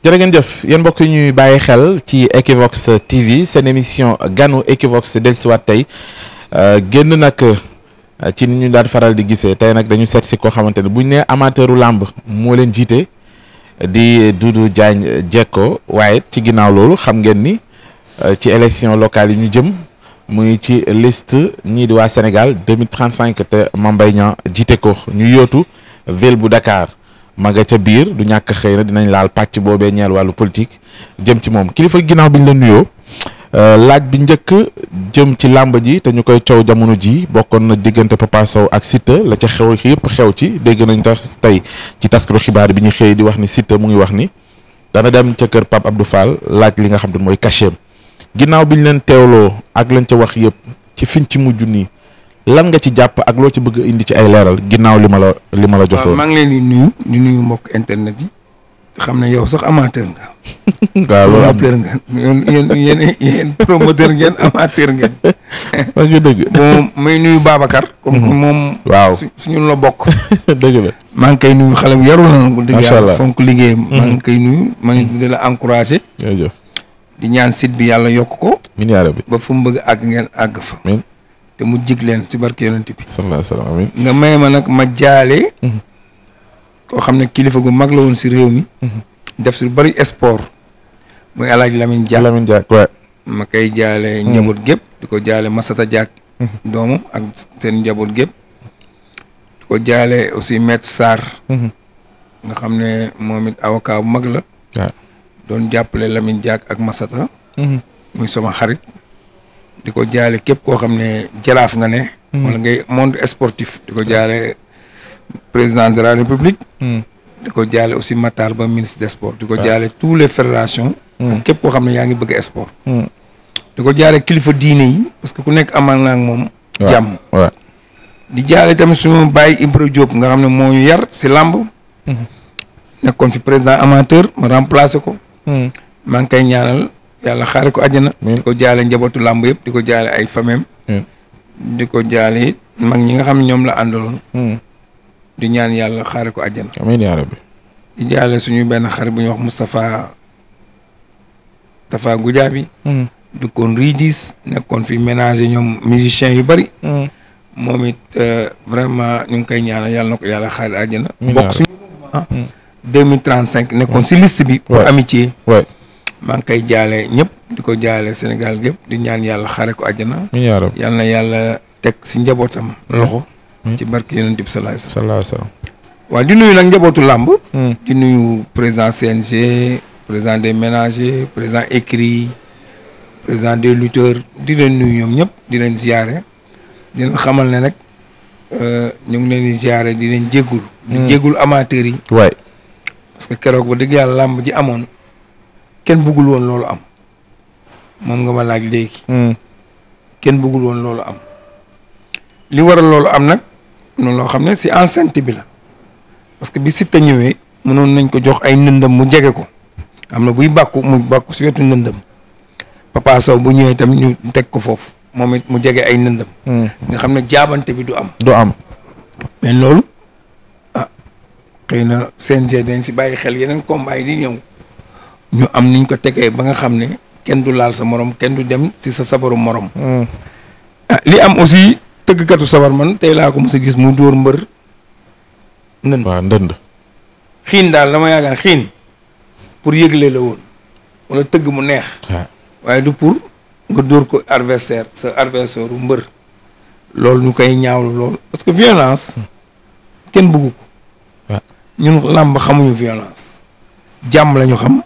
jërë ngeen jëf yéen mbokk yi ñuy bàyyi xel ci Equivox TV seen émission ganu Equivox dellusiwaat tey euh, génn nag euh, ci ni ñu daan faral di gisee tey nag dañu seet si koo xamante ne bu ñu nee amateuru làmb moo leen jiite di Doudou Diagne Diecko waaye ci ginnaaw loolu xam ngeen ni euh, ci élection locale yi ñu jëm mu ngi ci liste ñii di waa Sénégal 2035 te Mame Mbaye Niang jiite ko ñu yootu ville bu Dakar. ma ca biir du ñàkk xëy na dinañ laal pàcc boobee ñeel wàllu politique jëm ci moom kilifa ginnaaw bi ñu la nuyoo euh, laaj bi njëkk jëm ci làmb ji te ñu koy coow jamono ji bokkoon na diggante Papa Sow ak Siteu la ca xew yëpp xew ci dégg nañ tax tey ci taskatu xibaar bi ñu xëy di wax ni Siteu mu ngi wax ni dana dem ca kër Pape Abdou Fall laaj li nga xam ne mooy cachet ginnaaw bi ñu leen teewloo ak lañ ca wax yëpp ci fiñ ci mujj nii. lan nga ci jàpp ak loo ci bëgg indi ci ay leeral ginnaaw li ma la li ma la joxoon. maa ngi leen di nuyu di nuyu mbokk internet yi. xam ne yow sax amateur nga. waaw loolu amateur nga ngeen amateur ngeen. wax nga dëgg. moom may nuyu Babacar. comme mhm. moom. waaw suñu la bokk. dëgg la maa ngi koy nuyu xale bu yarul na. bu dëgg yàlla fonk liggéeyam. maa ngi mhm. nuyu maa ngi mhm. di la encouragé. di ñaan sit bi yàlla yokk ko. min bi ba fu mu bëgg àgg ngeen àgg fa. te mu jig leen ci barke yonent bi. sallallahu nga may ma nag ma jaale. Mhm. koo xam ne kilifa gu mag la woon ci réew mi. Mhm. def ci lu bari sport. muy El Hadj Lamine Diack ma koy jaale mhm. njaboot gépp di ko jaale Massata Diack. doomu ak seen njaboot gépp. di ko jaale aussi Maître Sarr. nga xam ne moom it avocat mag la. doon jàppale Lamine Diack ak Massata. muy sama xarit. di ko jaale képp koo xam ne jaraaf nga ne. Hmm. wala ngay monde sportif. di ko jaale président de la république. Hmm. di ko jaale aussi Matar ba ministre des sports. di ko jaale tous les fédérations. Hmm. képp koo xam ne yaa ngi bëgg sport. di ko jaale kilifa diine yi. parce que ku nekk amal naa ak moom. jàmm di jaale tamit suñu bàyyi Ibra Diop nga xam ne moo ñu yar si làmb. nekkoon fi président amateur ma remplacé ko. maa ngi koy ñaanal. yàlla xaare ko àjjana. di ko jaale njabootu làmb yëpp di ko jaale ay famem di ko jaale it mag ñi nga xam ñoom la àndaloon. di ñaan yàlla xaare ko àjjana. amiin yaa rabbi. di jaale suñu benn xarit bu ñuy wax Moustapha Tafa Gujaabi. dëkkoon Ridis nekkoon fi ménager ñoom musiciens yu bari. moom it euh, vraiment ñu ngi koy ñaanal yàlla na ko yàlla xaare àjjana. bokk suñu mouvement. Ah, nekkoon si liste bi. pour amitié. maa ngi koy jaale ñëpp di ko jaale Sénégal gépp di ñaan yàlla xare ko àjjana. yal na yàlla teg si njabootam. loxo hmm. ci barke yonent bi salaay salaam. waaw di nuyu nag njabootu làmb. Hmm. di nuyu président CNG président des ménagers président écrit président des lutteurs di leen nuyu ñoom ñëpp di leen ziare di leen xamal ne nag euh, ñu ngi leen di ziare di leen jéggul. di hmm. jéggul amateurs yi. waay parce que keroog ba dëgg yàlla làmb ji amoon. kenn bëggul woon loolu am moom nga ma laaj léegi. Hmm. kenn buggul woon loolu am. li waral loolu am nag noonu loo xam ne si enceinte bi la parce que bi Siteu ñëwee mënoon nañ ko jox ay ndëndam mu jege ko am na buy bàkku mu bàkku si wetu ndëndam Papa Sow bu ñëwee tamit ñu teg ko foofu moom it mu jege ay ndëndam. Hmm. nga xam ne jaabante bi du am. du am loolu ah, xëy na CNG dañ si bàyyi xel yeneen combat yi di ñëw. ñu am niñ ko tegee ba nga xam ne kenn du laal sa morom kenn du dem si sa sabaru morom. Hmm. Ah, li am aussi tëggkatu sabar man tey laa ko mu sa gis mu dóor mbër. ndënd waaw xiin daal dama yaakaar xiin pour yëglee la woon wala tëgg mu neex. waaye du pour nga dóor ko adversaire sa adversaire mbër. loolu ñu koy ñaawlu lool parce que violence kenn buggu ko. ñun làmb xamuñu violence. jàmm lañu xam.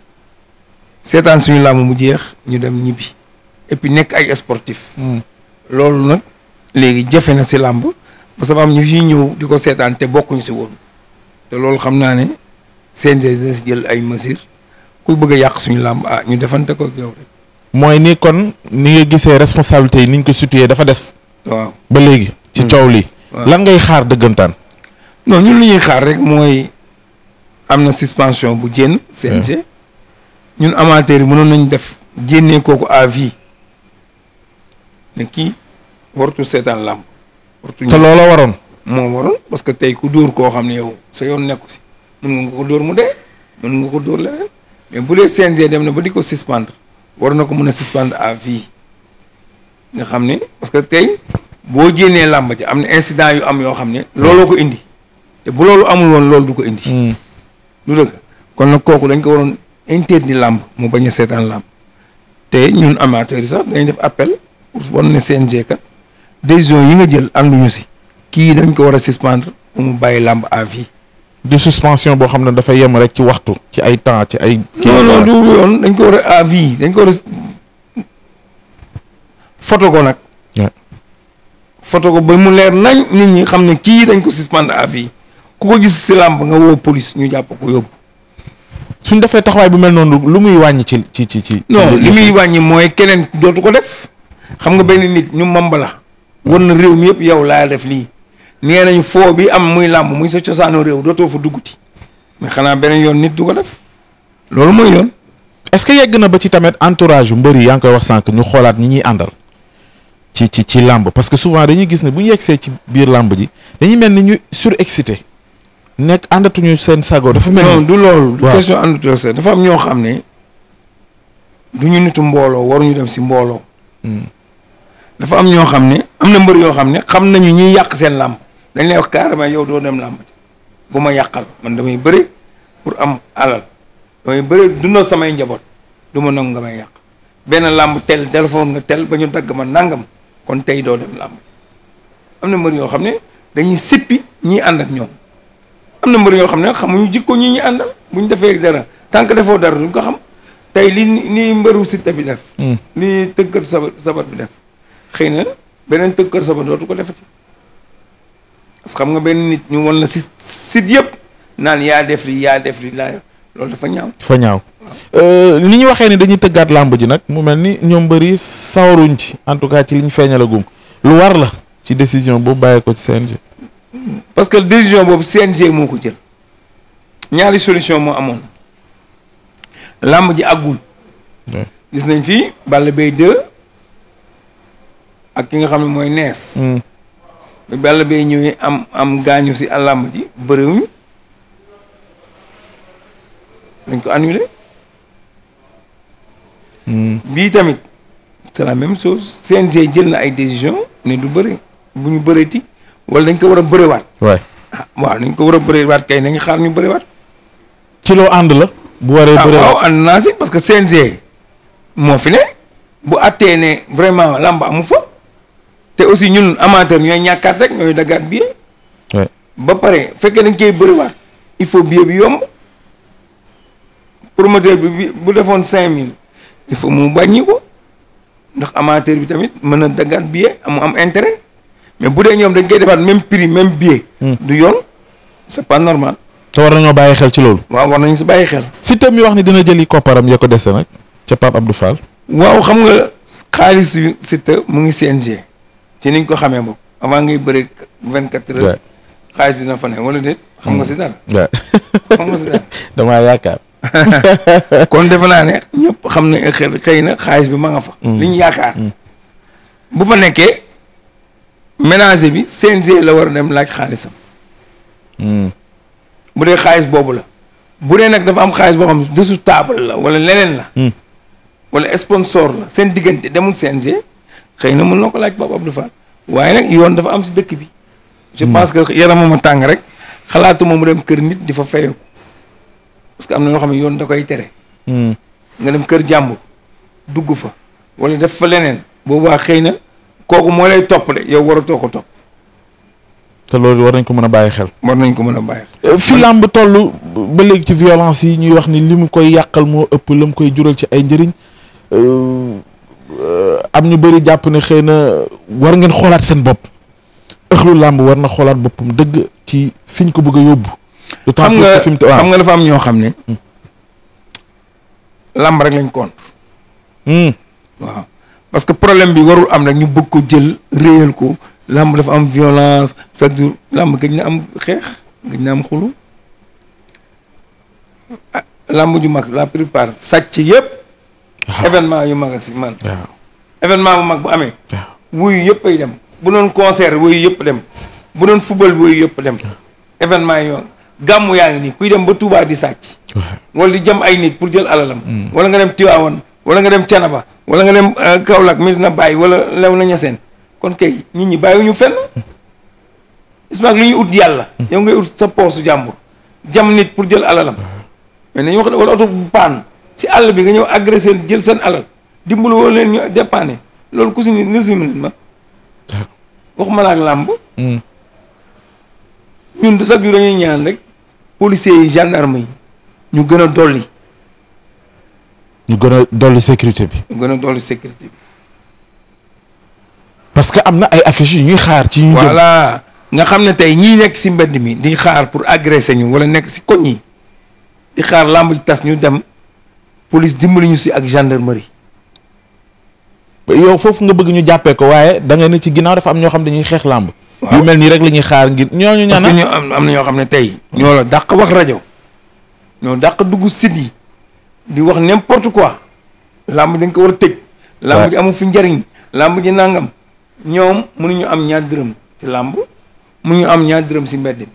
seetaan suñu làmb mu jeex ñu dem ñibbi et nekk ay sportif hmm. loolu nag léegi jafe na si làmb parce que am ñu fi ñëw di ko seetaan te bokkuñu si woon te loolu xam naa ne CNG si jël ay mesures ku bëgg a yàq suñu làmb ah ñu defante ko yow mooy ni kon ni nga gisee responsabilité yi ni ko situé dafa des. ba léegi. ci hmm. coow lii. lan ngay xaar dëggantaan. non ñun lu ñuy xaar rek mooy am na suspension bu jénn CNG. Hmm. ñun amateurs yi mënoon nañu def génnee kooku à vie kii wartu seetaan làmb wartu te loola waroon moo waroon parce que tey ku dóor koo xam ne yow sa yoon nekku si mën nga ko dóor mu dee mën nga ko dóor leneen mais bu dee CNG dem na ba di ko suspendre war na ko mën a suspendre à vie nga xam ne parce que tey boo jénnee làmb ji am na incident yu am yoo xam ne looloo ko indi te bu loolu amul woon loolu du ko indi. Hmm. du dëgg kon nag kooku dañ ko waroon interdit làmb mu bañ a seetaan làmb te ñun amateur yi sax dañ def appel pour wan ne CNG kat décision yi nga jël ànduñu si kii dañ ko war a suspendre mu bàyyi làmb à vie. di suspension boo xam ne dafa yem rek ci waxtu. ci ay temps ci ay. kii non du yoon dañ ko war a à dañ ko war foto ko nag. foto ko ba mu leer nañ nit ñi xam ne kii dañ ko suspendre à vie ku ko gis si làmb nga woo police ñu jàpp ko yóbbu. suñ defee taxawaay bu mel noonu lu muy wàññi ci ci ci ci. non li muy wàññi mooy keneen dootu ko def xam nga benn nit ñu mamba la wan na réew mi yëpp yow laa def lii nee nañ foo bi am muy làmb muy sa cosaanu réew dootoo fa dugguti mais xanaa beneen yoon nit du ko def loolu mooy yoon. est-ce que yegg na ba ci tamit entourage yu mbër yaa ngi koy wax sànq ñu xoolaat ñi ñuy àndal ci ci ci làmb parce que souvent dañuy gis ne bu ñu yeggsee ci biir làmb ji dañu mel ni ñu surexcité nekk àndatuñu seen sago dafa mel non du loolu du question àndatuñu seen dafa am ñoo xam ne du ñu nitu mbooloo waruñu dem si mbooloo hmm. dafa am ñoo xam ne am na mbër yoo xam ne xam nañu ñuy yàq seen làmb dañ lay wax carrément yow doo dem làmb bu ma yàqal man damay bëri pour am alal damay bëri dundal samay njaboot du ma nangu nga may yàq benn làmb tel téléphone nga tel ba ñu dagg ma nangam kon tey doo dem làmb am na mbër yoo xam ne dañuy sippi ñiy ànd ak am na mbër yoo xam ne xamuñu jikko ñi ñu àndal bu ñu defee dara tant que defoo dara duñ ko xam tey li ni mbëru Siteu bi def. li hmm. tëggkat sabar sabar bi def. xëy na beneen tëggkat sabar du ko defati parce que xam nga benn nit ñu won la si sit yëpp naan yaa def li yaa def li laa loolu dafa ñaaw. dafa ñaaw euh, ni ñu waxee ni dañuy tëggaat làmb ji nag mu mel ni ñoom bëri sawaruñ ci en tout cas ci liñ feeñalagum lu war la ci décision boobu bàyyee ko ci seen CNG. parce que décision boobu CNG moo ko jël ñaari solution moo amoon làmb ji àggul. gis nañ fi Balla Gaye ak ki nga xam ne mooy nees. Mm. ba Balla Gaye am am gaañu si làmb ji bëriwuñu dañ ko annulé. Mm. bii tamit c'est la même chose CNG jël na ay décision ne du bëri bu ñu bëreeti. wala dañ ko war a bëriwaat. waay ah, waaw nañ ko war a bëriwaat kay nañ xaar ñu bëriwaat. ci loo ànd la. bu waree ah, bëriwaat waaw naa si parce que CNG moo fi bu àttee vraiment làmb amu fa te aussi ñun amateur ñàkkaat rek ñooy daggaat billet. pare fekkee dañ koy bëriwaat il faut billet bi yomb cinq mille il faut mu bàññi ndax amateur bi tamit mën a daggaat billet mu am intérêt. mais bu dee ñoom dañ koy defaat même prix même billet. Hmm. du yoon c'est pas normal. te war nañoo bàyyi xel ci loolu. waaw war nañu si bàyyi xel. Siteu mi wax ni dina jëli kopparam ya ko dese nag ca Pape Abdou Fall. waaw xam nga xaalis yu mu ngi CNG. ci niñ ko xamee moom avant ngay bëre vingt quatre heures. xaalis bi na fa ne wala déet. xam nga si dara. waaw xam damaa yaakaar. kon defe naa ne ñëpp xam ne xëy na xaalis bi ma nga fa. Hmm. li ñu yaakaar. Hmm. bu fa nekkee. ménager bi CNG la war a dem laaj xaalisam. Hmm. bu dee xaalis boobu la. bu dee nag dafa am xaalis boo xam dessous table la wala leneen la. Hmm. wala sponsor la seen diggante demul CNG xëy na mun na ko laaj Pape Abdou fa waaye nag yoon dafa am si dëkk bi. je hmm. pense que yaramama tàng rek xalaatuma mu dem kër nit di fa fayeeku parce que am na loo xam ne yoon da koy tere. nga dem kër jàmbur dugg fa wala def fa leneen. boobu waa xëy na. kooku moo lay topp de yow waratoo ko topp. te loolu war nañ ko mën a bàyyi xel. war nañ ko mën a bàyyi euh, fi làmb toll ba léegi ci violence yi ñuy wax ni li mu koy yàqal moo ëpp la mu koy jural ci ay njëriñ euh, euh, am ñu bëri jàpp ne xëy na war ngeen xoolaat seen bopp ëxlu làmb war na xoolaat boppam dëgg ci fiñ ko bëgg a yóbbu. xam nga xam nga dafa am ñoo xam ne. Hmm. làmb rek lañ compte. Hmm. waaw. parce que problème bi warul am rek ñu bugg ko jël réyal ko làmb dafa am violence chaque jour làmb gëj na am xeex gëj na am xulu ah, làmb ju mag la plupart sàcc yëpp événement yu mag si man événement bu mag bu amee wuyu yëpp ay dem bu doon concert wuyu yëpp dem bu doon football wuyu yëpp dem événement yi yoon gàmmu yaa ngi nii kuy dem ba Touba di sàcc wala di jëm ay nit pour jël alalam hmm. wala nga dem Tiwaawan wala nga dem Thiénaba wala nga dem euh, Kaolack Medina Baye wala Léona Niassène kon kay nit ñi bàyyiwuñu fenn ismaak lu ñu ut yàlla yow ngay ut sa poosu jàmbur jam nit pour jël alalam mais nañu wax ne wala oto bu paan si àll bi nga ñëw agressé jël seen alal dimbalu leen ñu jàppaane loolu ku si ni si nit ma waxuma ak làmb hmm. ñun de chaque jour dañuy ñaan rek policiers yi gendarme yi ñu gën a dolli ñu gën a dolli sécurité bi. ñu gën sécurité parce que am na ay affiches yu ñuy xaar. ci ñu jëm nga xam ne tey ñii nekk si mbedd mi di xaar pour agresser ñu wala nekk si koñ yi di xaar làmb ji tas ñu dem police dimbali ñu si ak gendarmerie. yow foofu nga bëgg ñu jàppee ko waaye da nga ci ginnaaw dafa am ñoo xam ne dañuy xeex làmb. yu mel nii rek la ñuy xaar ngir ñoo ñaanal parce que ñu am am na ñoo xam ne tey. ñoo la dàq wax rajo ñoo dàq dugg site yi. di wax n'importe quoi làmb dañ ko war a tëj làmb ji amul fi njariñ làmb ji nangam ñoom mënuñu am ñaar dërëm ci làmb ñu am ñaar dërëm si mbedd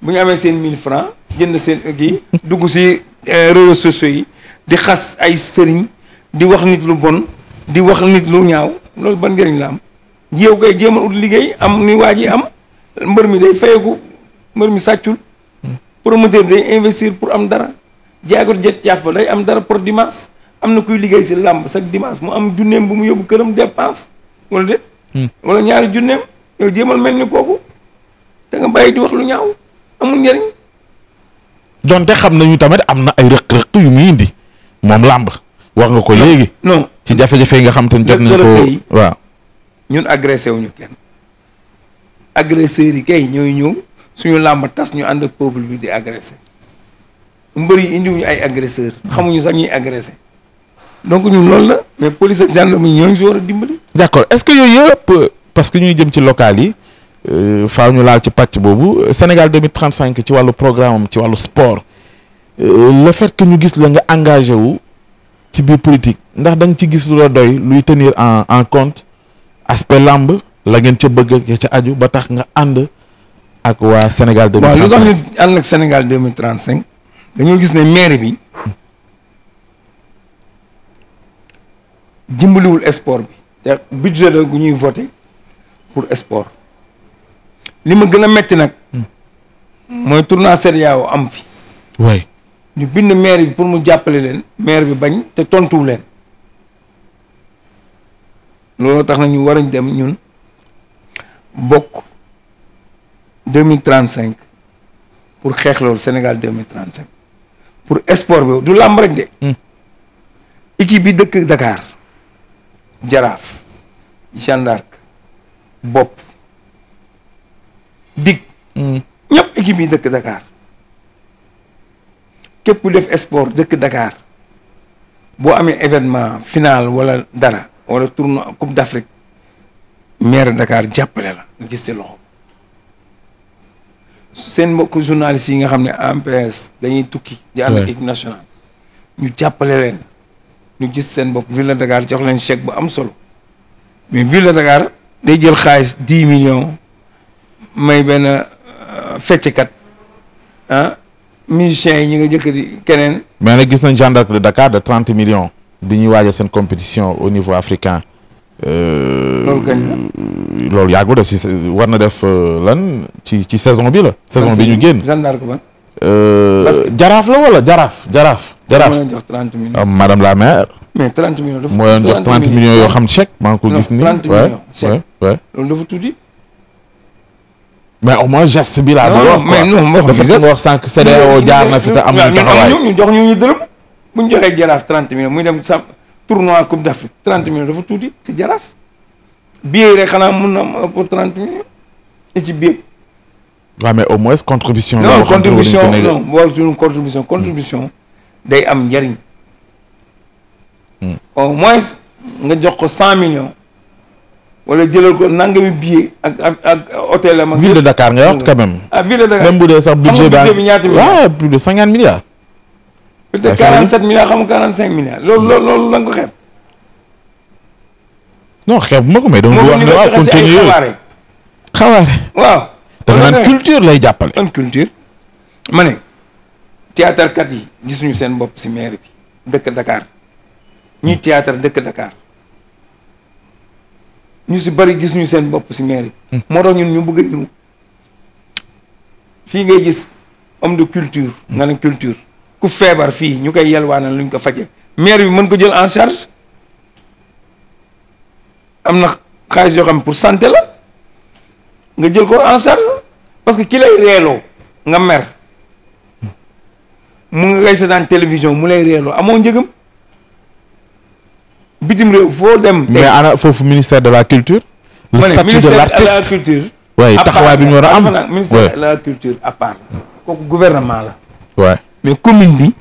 bu ñu amee seen 1000 francs jënd seen gi dugg si euh, réseaux sociaux yi di xas ay sëriñ di wax nit lu bon di wax nit lu ñaaw loolu ban njëriñ la am yow kay jéemal ut liggéey am ni waa ji am mbër mi day fayeku mbër mi sàccul hmm. promoteur day investir pour am dara jaagur jëf caaf ba am dara pour dimanche am na kuy liggéey si làmb sax dimanche mu am junneem bu mu yóbbu këram dépense wala déet. Hmm. wala ñaari junneem yow jéemal mel ni kooku te nga bàyyi di wax lu ñaaw amul njëriñ. donte xam nañu tamit am na ay rëq-rëq yu muy indi moom làmb wax nga ko léegi. non ci jafe-jafe yi nga xam te ne jot nañ ko waaw. ñun agressé wuñu kenn agresseurs yi kay ñooy ñëw suñu làmb tas ñu ànd ak peuple bi di agressé. mbër yi indiwuñu ay agresseur xamuñu sax ñuy agressé donc ñun loolu la mais police ak gendarme yi ñoo ñu si war dimbali. d' est ce que yooyu yëpp parce que ñu jëm ci local yi euh, faaw ñu laal ci pàcc boobu Sénégal 2035 ci wàllu programme ci wàllu sport euh, le fait que ñu gis la nga engagé wu ci biir politique ndax da ci gis lu la doy luy tenir en en compte aspect làmb la ngeen ca bëgg ya ca aju ba tax nga ànd ak waa Sénégal. 2035 waaw lu tax ñu ànd ak Sénégal dañoo gis ne maire bi dimbaliwul sport bi te budget la gu ñuy voté pour sport li ma gën a metti nag mooy tournoi CEDEAO am fi ñu bind maire bi pour mu jàppale leen maire bi bañ te tontuwu leen loolu tax na ñu war a dem ñun bokk deux mille pour xeex loolu Sénégal deux mille trente pour sport bi du làmb rek de. Hmm. équipe bi dëkk Dakar jaraaf Jeanne d'Arc bopp dig. Hmm. ñëpp dëkk dakaar képp ku def sport dëkk dakaar boo amee événement final wala dara wala tournoi Coupe d'Afrique maire Dakar jàppale la gis ci loxo. seen mbokk journalistes yi nga xam ne ANPS dañuy tukki. di ànd ak ñu jàppale leen. ñu gis seen bopp ville de jox leen chèque bu am solo. mais ville de Dakar day jël xaalis dix millions may benn euh, fecckat ah musiciens yi ñu nga jëkk di keneen. mais nag gis nañ gendarme de Dakar de trente millions. bi ñuy waajal seen compétition au niveau africain. Euh, loolu kañ la loolu def si war na def euh, lan ci ci saison bi la. saison bi ñu génn euh, jaraaf la wala jaraaf jaraaf. jaraaf moo leen jox trente millions. madame la maire. mais trente moo leen jox trente millions yoo xam chèque. maa ngi ko gis nii waay waay loolu dafa tuuti. mais au moins geste bi laa. non mais non ma wax dafa wax e jaar na fi te amuñu a ñu jox ñu ñu dërëm bu ñu jaraaf trente millions dem sàmm. tournoi coupe d'Afrique trente millions dafa tuuti si jaraaf billet yi rek xanaa mun na am pour trente millions et ci billet. au moins contribution. non contribution non boo contribution day am njariñ. Hmm. au moins nga jox ko cent millions. wala jëlal ko nangami billet ak ak ak hôtel am. ville de Dakar nga wax quand même. Ah, bu dee sax budget bi ñaata milliards. waaw plus de cinquante milliards. peut-être 47 milliards xam nga 45 milliards loolu loolu loolu la nga ko xeeb. non xeeb ma ko mais. dama wax ne waaw continue yooyu xawaare. xawaare. waaw. da nga naan culture lay jàppale. am culture. ma ne. théâtre kat yi gisuñu seen bopp si maire bi dëkk Dakar ñuy hmm. théâtre dëkk Dakar ñu si bëri gisuñu seen bopp si maire bi. Hmm. moo tax ñun ñu bëgg a ñëw. fii ngay gis homme de culture. Hmm. nga ne culture. ku feebar fii ñu koy yelwaanal luñ ko faje maire bi mën ko jël en charge am na xaalis yoo xam pour santé la nga jël ko en charge parce que ki lay reeloo nga mer mu nga koy seetaan télévision mu lay reeloo amoo njëgam bitim réew foo dem. mais ana foofu ministère de la culture. le statut de l'artiste waaye taxawaay bi ñu war a am. ministère de la culture à part kooku gouvernement la. mais commune bi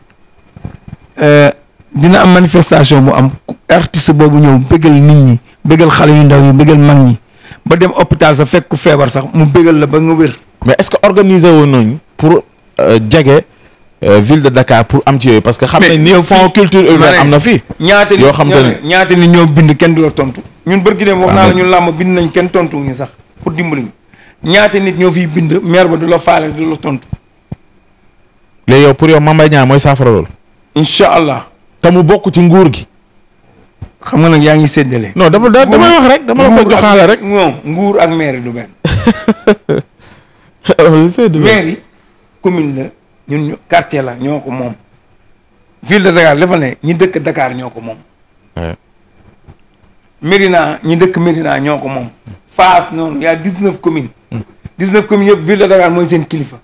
euh, dina am manifestation bu am artiste boobu ñëw bëggal nit ñi bëggal xale yu ndaw yi bëggal mag ñi ba dem hôpital sa fekk ku feebar sax mu bëggal la ba nga wér. mais est-ce que organiser woon nañu pour euh, jege euh, ville de Dakar pour am ci yooyu parce que. xam nañ ni fond culture urbaine am na fii ñaata yoo xam ne ñaata ni ñoo bind kenn du la tontu. ñun bërgi dem wax naa la ñun làmb bind nañ kenn tontuwuñu sax pour dimbali ñu ñaata nit ñoo fiy bind maire ba du la léegi yow pour yow Mame Mbaye Niang mooy saafara loolu. incha allah. mu bokk ci nguur gi. xam nga nag yaa ngi séddale. noo dama dama wax rek dama la ko rek. non nguur ak maire du benn. loolu yi commune la ñun ñu quartier la ñoo ko moom. ville de Dakar dafa ñi dëkk Dakar ñoo ko moom. Médina ñi dëkk Médina ñoo ko moom. fas noonu y' a dix neuf communes. Mm. dix neuf communes yëpp ville Dakar mooy seen kilifa.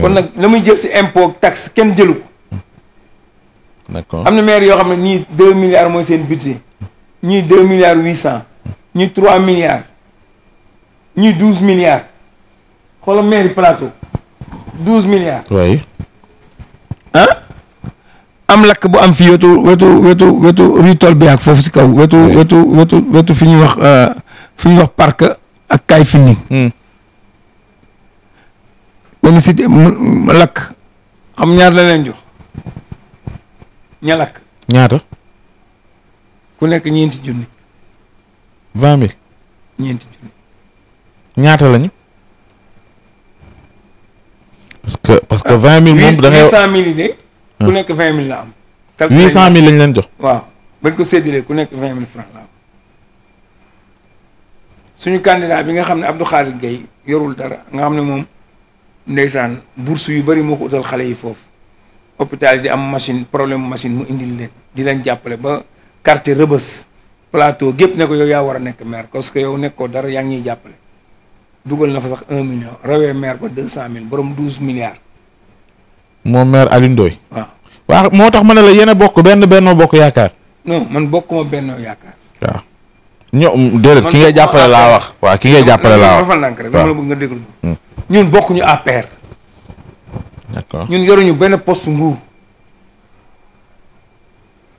kon nag la muy jël si impôt tax kenn jëlu ko. d'accord am na maire yoo xam ne ñii deux milliards mooy seen budget ñii deux milliards huit cent ñii trois milliards ñii douze milliards xoolal mairie plateau douze milliards. oui. ah. am lakk bu am fii wetu wetu wetu wetu rue Tolbiac foofu si kaw. wetu wetu wetu wetu fi ñuy wax euh, fi ñuy wax parc ak Kayfini. Hmm. benn cité lakk xam ñaar la leen jox ña lakk. ñaata. ku nekk ñeenti junni. vingt mille. ñeenti junni. ñaata lañu. parce que vingt mille moom. da ah, cent mille yi de. ku ah. nekk la am. calcul huit cent mille lañ leen jox. waaw bañ ko séddalee ku nekk vingt mille franc la am suñu candidat bi nga xam ne Abdou Khadir Gueye yorul dara nga xam ne moom. ndeysaan bourse yu bëri moo ko utal xale yi foofu hôpital yi di am machine problème machine mu indi leen di leen jàppale ba quartier Rebeuss plateau gépp ne ko yow yaa war a nekk maire parce que yow nekkoo dara yaa ngi jàppale dugal na fa sax un million rawee maire ba deux cent mille borom douze milliards moom maire Alioune Ndoye moo tax ma ne la yéen a bokk benn bennoo bokk yaakaar non man bokkuma bennoo yaakaar waaw ño déedéet ki ngay jàppale laa wax waa ki ngay jàppale laa wax defal bëgg nga déglu ñun bokkuñu APR. d'accord ñun yoruñu benn poste nguur.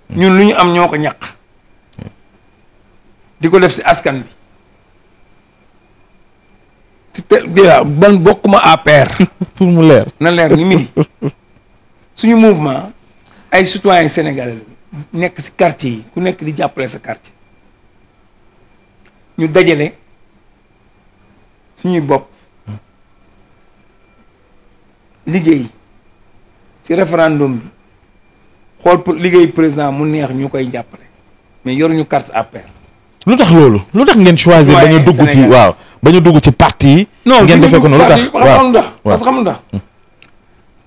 ñun lu ñu am ñoo ko ñàq di ko def si askan bi. ci te man bokkuma APR. pour mu leer na leer ni midi suñu mouvement ay citoyens sénégalais nekk si quartier yi ku nekk di jàppale sa quartier ñu dajale suñuy bopp. liggéey ci référendum bi xool liggéey président mu neex ñu koy jàppale mais yor ñu carte APR. lu tax loolu lu tax ngeen choisir. bañ a dugg ci waaw ba ñu dugg ci parti yi. ngeen defee ko noonu lu tax waaw parce que xam nga mm.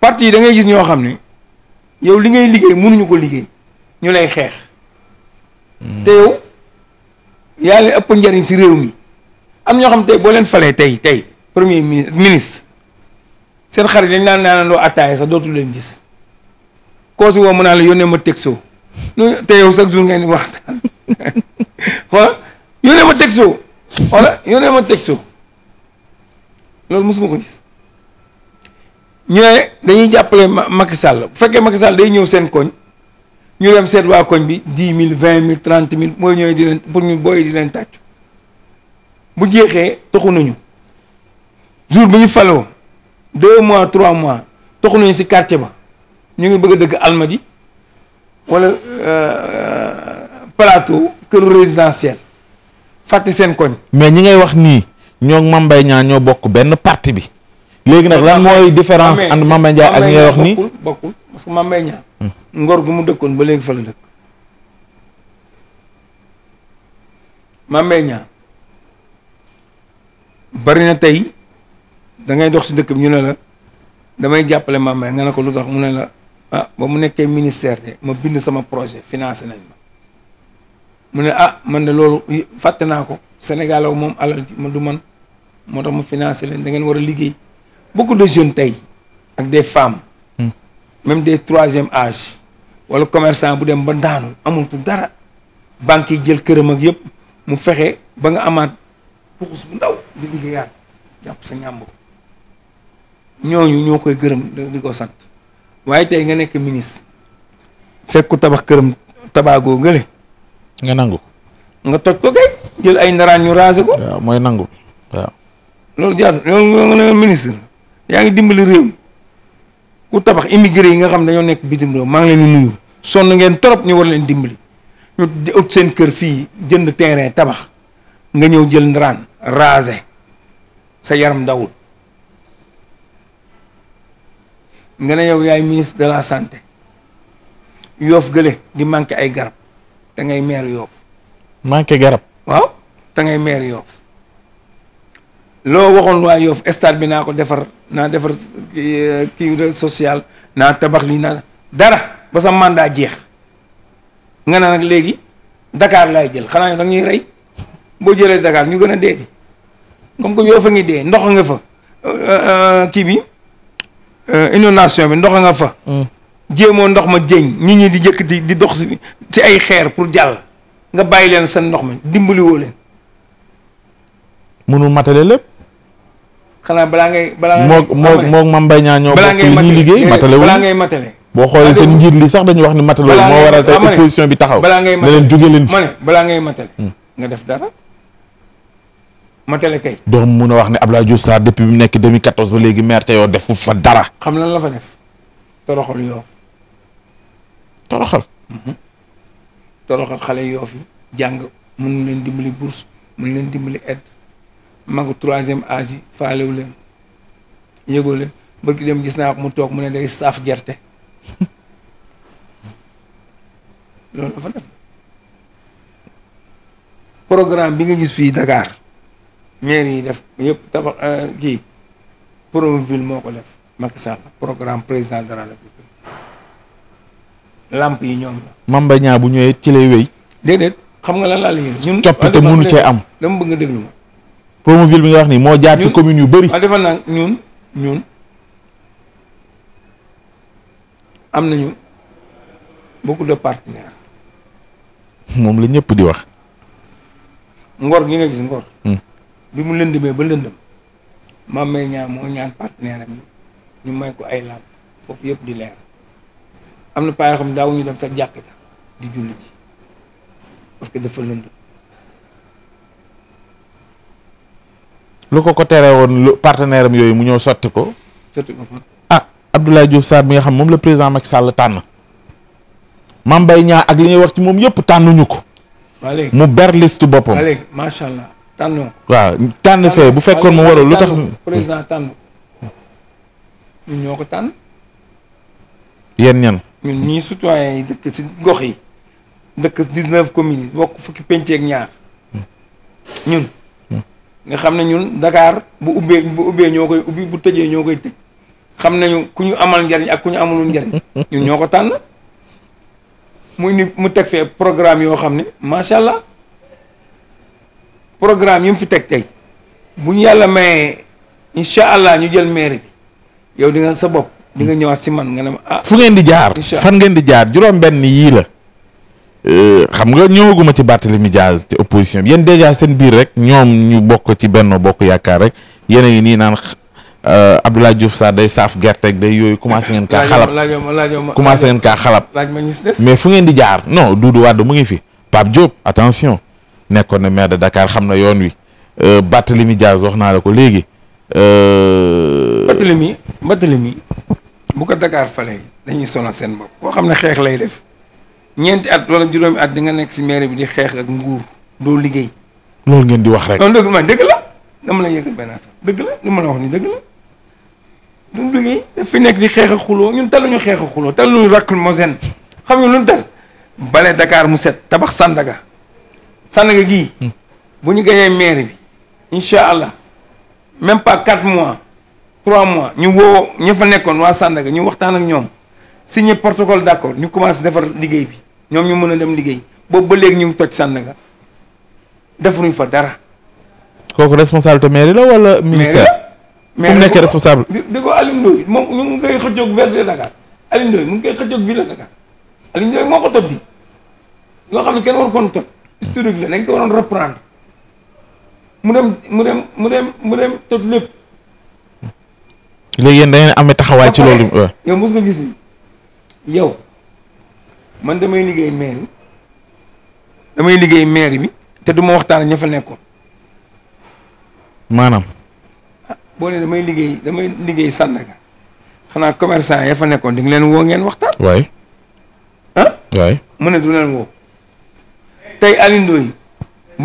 parti yi da ngay gis ñoo xam ne yow li ngay liggéey mënuñu ko liggéey ñu lay xeex. Mm. te yow yaa leen ëpp njariñ si réew mi am ñoo xam tey boo leen falee tey tey premier ministre. seen xarit dañ naan naanandoo attaaya sax dootu leen gis koo si woo mën naa la yónnee ma texto te yow chaque jour ngeen di waxtaan xool yónnee ma texto wala yónnee ma texto loolu mosuma ko gis ñooy dañuy jàppale Macky Sall bu fekkee Macky Sall day ñëw seen koñ ñu dem seet waa koñ bi dix mille vingt mille trente mille mooy ñooy di leen pour ñu booy di leen tàccu bu jeexee taxu nañu jour bi ñu faloo deux mois trois mois toxu nañu si quartier ba ñu ngi bëgg a dëkk Almadi wala euh, plateau këru résidentiel fàtte seen koñ. mais ñi ngay wax nii ñoo Mame Mbaye Niang ñoo bokk benn partie bi. léegi nag lan mooy différence and Mame Mbaye ak ngay wax nii bokkul bokkul parce que Mame Mbaye hmm. ngor gu mu dëkkoon ba léegi fa la dëkk. Mame Mbaye Niang bari na tey. da ngay dox si dëkk bi ñu ne la damay jàppale Mame Mbaye nga ne ko lu tax mu ne la ah ba mu nekkee ministère de ma bind sama projet financé nañ ma mu ne ah man de loolu fàtte naa ko Sénégal moom alal ji ma du man moo tax ma financé leen da ngeen war a liggéey beaucoup de jeunes tey ak des femmes. Hmm. même des troisième age wala commerçant bu dem ba daanu amul pour dara banque yi jël këram ak yëpp mu fexe ba nga amaat puxus bu ndaw di liggéeyaat jàpp sa ñàmb ko ñooñu ñoo koy gërëm di ko sant waaye tey nga nekk ministre ku tabax këram tabaagoo ngële nga nangu nga toj ko kay jël ay ndaraan ñu raase ko mooy nangu loolu jaar yow nga ministre yaa ngi dimbali réew ku tabax immigré yi nga xam dañoo nekk bitim réew maa ngi leen di nuyu sonn ngeen trop ñu war leen dimbali ñu ut seen kër fii jënd terrain tabax nga ñëw jël ndaraan raase sa yaram dawul nga yow yaay ministre de la santé yoof gële di manqué ay garab da ngay meeru yoof manqué garab waaw da ngay meeru yoof loo waxoon waa yoof stade bi naa ko defar naa defar euh, kii social naa tabax lii naa dara ba sa mandat jeex nga naan nag léegi dakaar laay jël xanaa da ñuy rey boo jëlee dakaar ñu gën a dee di comme que yoof ngi dee ndox nga fa euh, euh, kii bi Euh, inondation bi ndox nga fa. Hmm. jéemoo ndox ma jéñ nit ñi di jëkkati di dox si ci ay xeer pour jàll nga bàyyi leen seen ndox ma dimbaliwoo leen. mënul matale lépp. xanaa balaa ngay balaa ngay moo moo Mame ma Niang ñoo bokk li ñuy liggéey matale wu balaa ngay matale. boo xoolee seen njiit li sax dañuy wax ni matale moo waral tey opposition bi taxaw. balaa ngay matale ne leen jóge leen fi ma ne balaa ngay matale. Hmm. nga def dara. matale kay. doo mun a wax ne Abdoulaye Diouf Sarr depuis bi mu nekk 2014 ba léegi maire ca yoo def fu fa dara. xam lan la fa def. toroxal yoo. toroxal. Mhm. toroxal xale yoo fi jàng mun leen dimbali bourse mun leen dimbali aide magu troisième âge yi faalewu leen yëgoo leen bërki dem gis naa ko mu toog mu ne day saaf gerte loolu la fa def programme bi nga gis fii dakaar maire yi def yëpp tabax euh, kii Promoville moo ko def Macky Sall programme président de la yi ñoom la. Mamba ñaar bu ñëwee ci lay wéy. déedéet xam nga la laa la yéene. ñun coppite mënu cee am. dama bëgg nga déglu ma. Promoville bi nga wax nii moo jaar ci commune yu bëri. waaw defe naa ñun ñun am nañu beaucoup de partenaires. moom la ñëpp di wax. ngor gi nga gis ngor. Hmm. bi mu lëndëmee ba lëndëm maam may Niang moo ñaan partenaire am ñu may ko ay làmp foofu yëpp di leer am na paa yoo xam ne daawuñu dem sa jàkk di julli ji parce que dafa lëndëm. lu ko ko tere woon lu partenaire am yooyu mu ñëw sotti ko. sotti ko fa ah Abdoulaye Diouf Sarr mi nga xam moom la président Macky Sall tànn. maam Mbaye Niang ak li ñuy wax ci moom yëpp tànnuñu ko. mu ber liste boppam. macha allah. tànn waaw tànn fee bu fekkoon mu waral lu tax. président tànn ñun ñoo ko tànn. yéen ñan. ñun ñii citoyen yi dëkk ci gox yi dëkk dix-neuf commune yi bokk fukki penc ak ñaar ñun. nga xam ne ñun Dakar bu ubbee bu ubbee ñoo koy ubbi bu tëjee ñoo koy tëj xam nañu ku ñu amal njariñ ak ku ñu amalul njariñ ñun ñoo ko tànn mu indi mu teg fee programme yoo xam ne macha allah. programme yi fi teg tey bu ñu yàlla mayee incha allah ñu jël mairie yow di nga sa bopp di nga ñëwaat si man nga ne ah. fu ngeen di jaar fan ngeen di jaar juróom-benn yii la. xam nga ñëwaguma ci Barthélemy Diaz ci opposition bi yéen dèjà seen biir rek ñoom ñu bokk ci Benno Bokk Yaakaar rek yéen a ngi nii naan Abdoulaye Diouf Sarr day saaf gerte day yooyu commencé ngeen kaa xalab commencé ngeen kaa xalab mais fu ngeen di jaar non Doudou Wade mu ngi fi Pape Diop attention nekkoon na maire dakaar xam na yoon wi euh, Barthélémy Dias wax naa la ko léegi. Euh, Barthélémy Barthélémy bu ko Dakar falee dañuy sonal seen bopp koo xam ne xeex lay def ñeenti at wala juróomi at di nga nekk si maire bi di xeex ak nguur doo liggéey. loolu ngeen di wax rek. non dëgg ma dëgg la dama la yëgal benn affaire dëgg la lu ma la wax ni dëgg la. duñ liggéey daf fi nekk di xeex a xuloo ñun taluñu xeex a xuloo taluñu rakk mo seen xam nga lu ñu tal bale Dakar mu set tabax Sandaga sànnaga gii. bu ñu gañee maire bi incha allah même pas quatre mois trois mois ñu woo ñu fa nekkoon waa Sandaga ñu waxtaan ak ñoom si signé protocole d'accord ñu commencé defar liggéey bi ñoom ñu mën a dem liggéey boobu ba léegi ñu ngi toj Sandaga defuñu fa dara. kooku responsabilité mairie la wala. ministère fu mu nekk responsable. di di ko Alioune Ndoye moom ñu moo ko toj di loo xam ne kenn waru ko toj. historique la dañ ko waroon reprendre mu dem mu dem mu dem mu dem tot lépp. léegi yéen da ngeen amee taxawaay ci loolu. yow mos gis yow man damay liggéey maire damay liggéey maire bi te du ma waxtaan ña fa nekkoon. maanaam. Ah, boo damay liggéey damay liggéey Sandaga xanaa commerçant ya fa nekkoon di leen woo ngeen waxtaan. waay. ah. waay mu ne du leen woo. tey Alioune Ndoye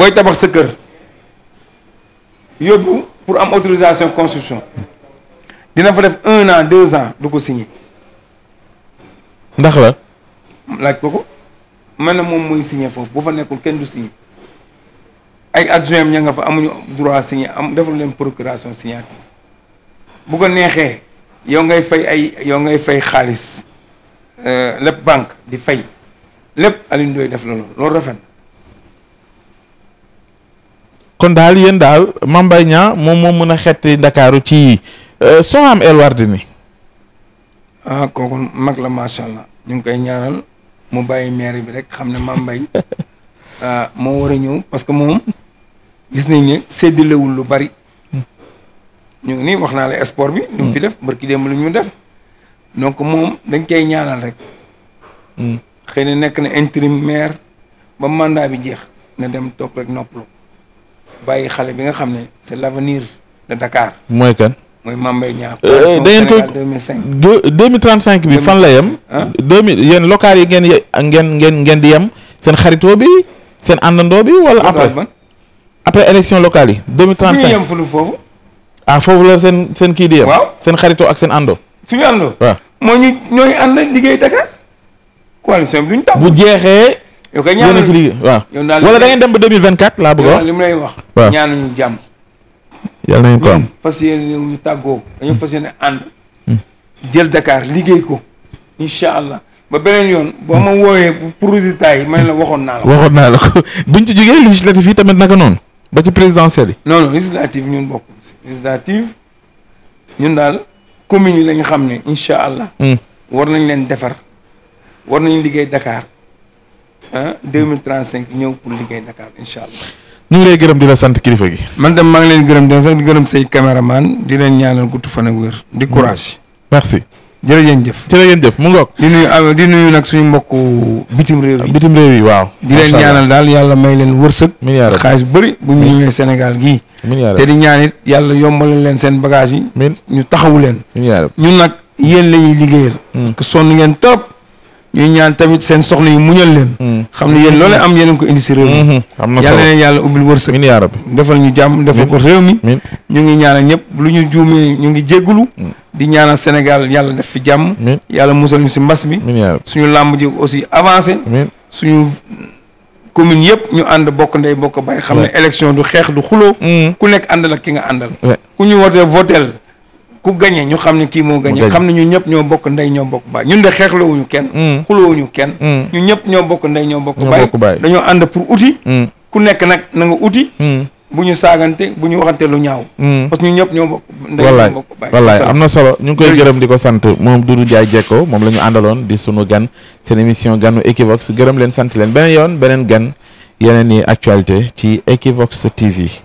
booy tabax sa kër yóbbu pour am autorisation construction dina fa def un an deux ans du ko signé. ndax la. laaj ko ko man na moom muy signé foofu boo fa nekkul kenn du signé ay adjoint ña nga fa amuñu droit signé am deful leen procuration signature bu ko neexee yow ngay fay ay yow ngay fay xaalis euh, lépp banque di fay lépp Alioune Ndoye def la loolu loolu rafet kon daal yéen daal Mame ñaa Niang moom moo mën a xetti Ndakaaru ci euh, Soham El Wardini ah kooku mag la macha allah ñu ngi koy ñaanal mu bàyyi maire bi rek xam ne Mame Mbaye ah, moo war ñëw parce que moom gis nañ ne séddalewul lu bari hmm. ñu ngi nii wax naa la sport bi. ñu mu fi hmm. def barki démb lu ñu def. donc moom dañ koy ñaanal rek. Hmm. xëy na nekk na intérim maire ba mandat bi jeex na dem toog rek noppalu. bàyyi xale bi nga xam ne c'est l'avenir de Dakar. mooy kan. mooy Mame Mbaye Niang. da ngeen ko 2005 bi fan la yem. ah 2000 yéen local yi ngeen ngeen ngeen ngeen di yem seen xaritoo bi seen àndandoo bi wala. après après élection locale yi. 2035 fu ñuy yem foofu. ah foofu la seen kii di yem. waaw seen xaritoo ak seen àndoo. suñu àndoo. waaw moo ñu ñooy ànd liggéey Dakar. coalition bi duñ taw. bu jeexee. yow kay ñaanal ci liggéey waaw. wala dem ba 2024 laa bëgg a wax. wax. waaw ñaanuñu jàmm. yàlla nañu ko am fas yéene ñu tàggoo. Hmm. jël Dakar liggéey ko. incha allah ba beneen yoon. boo ma wooyee pour résultat yi ma ne waxoon naa la. waxoon naa la buñ ci jógee législative yi tamit naka noonu. ba ci présidentielle yi. non non législative ñun bokk législative ñun daal communes yi la ñu xam ne incha allah. Hmm. war nañ leen defar war nañ liggéey dakaar ah deux mille trente cinq ñëw pour liggéey Dakar incha allah. ñu ngi lay gërëm di la sant kilifa gi. man dem maa ngi leen gërëm di sax di gërëm say caméraman di leen ñaanal gudd fan ak wér. di courage. Mm. merci. jërëjëf jërëjëf mu ngoog. di nuyu ah, di nag suñu mbokk bitim réew yi bitim réew yi waaw. di leen ñaanal daal yàlla may leen wërsëg. miliyaar xaalis bu bëri bu ñu ñëwee Sénégal gii. te di ñaan it yàlla yombal leen seen bagage yi. ñu taxawu leen. ñun nag yéen la liggéeyal. Mm. parce ngeen trop. ñu ñaan tamit seen soxna yi mu muñal leen. Hmm. xam ne yéen loolee am yéen ko indi si réew mi. Hmm, hmm. am na solo yal na leen yàlla ubbil wërsëg. defal ñu jàmm defal ko réew ñu ngi ñaanal ñëpp lu ñu juumee ñu ngi jéggulu di ñaanal Sénégal yàlla def fi jàmm. yàlla musal ñu si mbas mi. suñu làmb ji aussi avancé. suñu commune yëpp ñu ànd bokk ndey bokk bay. xam ne élection du xeex du xuloo. ku nekk àndal ak ki nga àndal. ku ñu wootee votel ku gañe ñu xam ne kii moo gañe xam ne ñu ñëpp ñoo bokk ndey ñoo bokk baay ñu de xeexlawuñu kenn mm. xulawuñu kenn mm. ñu ñëpp ñoo bokk ndey ñoo bokk baay dañoo ànd pour uti mm. ku nekk nag na uti bu ñu saagante bu ñu waxante lu ñaaw parce ñu ñëpp ñoo bokk ndey ñoo bokk baay wallaay am na solo ñu ngi koy gërëm di ko sant moom Doudou Ndiaye Diecko moom la ñu àndaloon di suñu gan seen émission ganu Equivox gërëm leen sant leen beneen yoon beneen gan yeneen i actualité ci Equivox TV